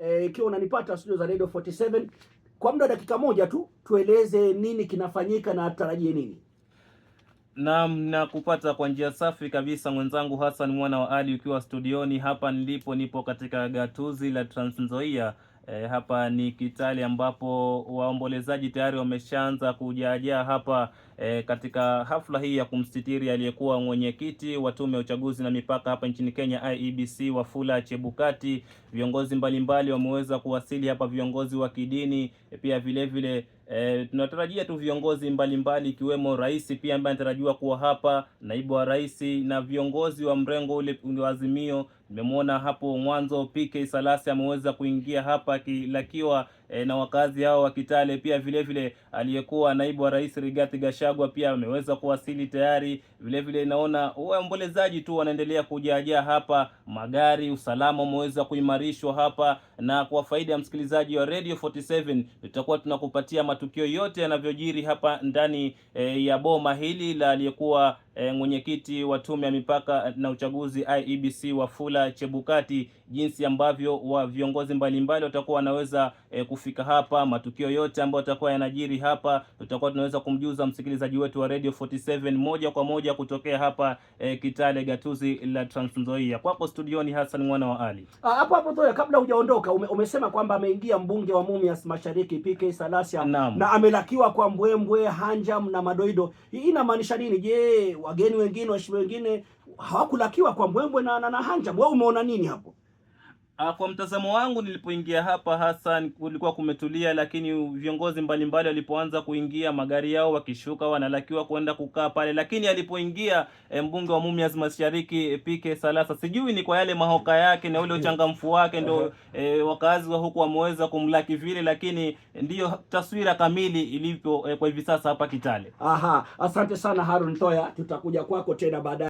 E, ikiwa e, unanipata studio za Radio 47 kwa muda wa dakika moja tu, tueleze nini kinafanyika na tutarajie nini? Naam, na kupata kwa njia safi kabisa mwenzangu Hassan mwana wa Ali, ukiwa studioni hapa nilipo, nipo katika gatuzi la Trans Nzoia. E, hapa ni Kitale ambapo waombolezaji tayari wameshaanza kujaajaa hapa E, katika hafla hii ya kumstitiri aliyekuwa mwenyekiti wa tume ya uchaguzi na mipaka hapa nchini Kenya IEBC Wafula Chebukati, viongozi mbalimbali wameweza kuwasili hapa, viongozi wa kidini e, pia vilevile E, tunatarajia tu viongozi mbalimbali ikiwemo mbali, rais pia ambaye anatarajiwa kuwa hapa, naibu wa rais na viongozi wa mrengo ule wa Azimio. Nimemwona hapo mwanzo PK Salasi ameweza kuingia hapa akilakiwa e, na wakazi hao wa Kitale. Pia vile vile aliyekuwa naibu wa rais Rigathi Gachagua pia ameweza kuwasili tayari. Vile vile naona waombolezaji tu wanaendelea kujaajaa hapa, magari, usalama umeweza kuimarishwa hapa, na kwa faida ya msikilizaji wa Radio 47 tutakuwa tunakupatia matukio yote yanavyojiri hapa ndani e, ya boma hili la aliyekuwa e, mwenyekiti wa tume ya mipaka eh, na uchaguzi IEBC Wafula Chebukati jinsi ambavyo wa viongozi mbalimbali watakuwa wanaweza e, kufika hapa. Matukio yote ambayo yatakuwa yanajiri hapa tutakuwa tunaweza kumjuza msikilizaji wetu wa Radio 47 moja kwa moja kutokea hapa e, Kitale gatuzi la Trans Nzoia. Kwako studioni Hassan mwana wa Ali. Ah, hapo hapo Toya, kabla hujaondoka ume, umesema kwamba ameingia mbunge wa Mumias Mashariki PK Salasya na amelakiwa kwa mbwembwe, hanjam na madoido. Hii inamaanisha nini? Je, wageni wengine, waheshimiwa wengine hawakulakiwa kwa mbwembwe na, na, na hanja. Wewe umeona nini hapo? Ah, kwa mtazamo wangu nilipoingia hapa hasa kulikuwa kumetulia, lakini viongozi mbalimbali walipoanza kuingia magari yao wakishuka, wanalakiwa kwenda kukaa pale, lakini alipoingia eh, mbunge wa Mumias Mashariki eh, PK Salasa, sijui ni kwa yale mahoka yake na ule uchangamfu wake ndo e, wakazi wa huku wameweza kumlaki vile, lakini ndiyo taswira kamili ilivyo e, kwa hivi sasa hapa Kitale. Aha, asante sana Harun Toya, tutakuja kwako tena baadaye.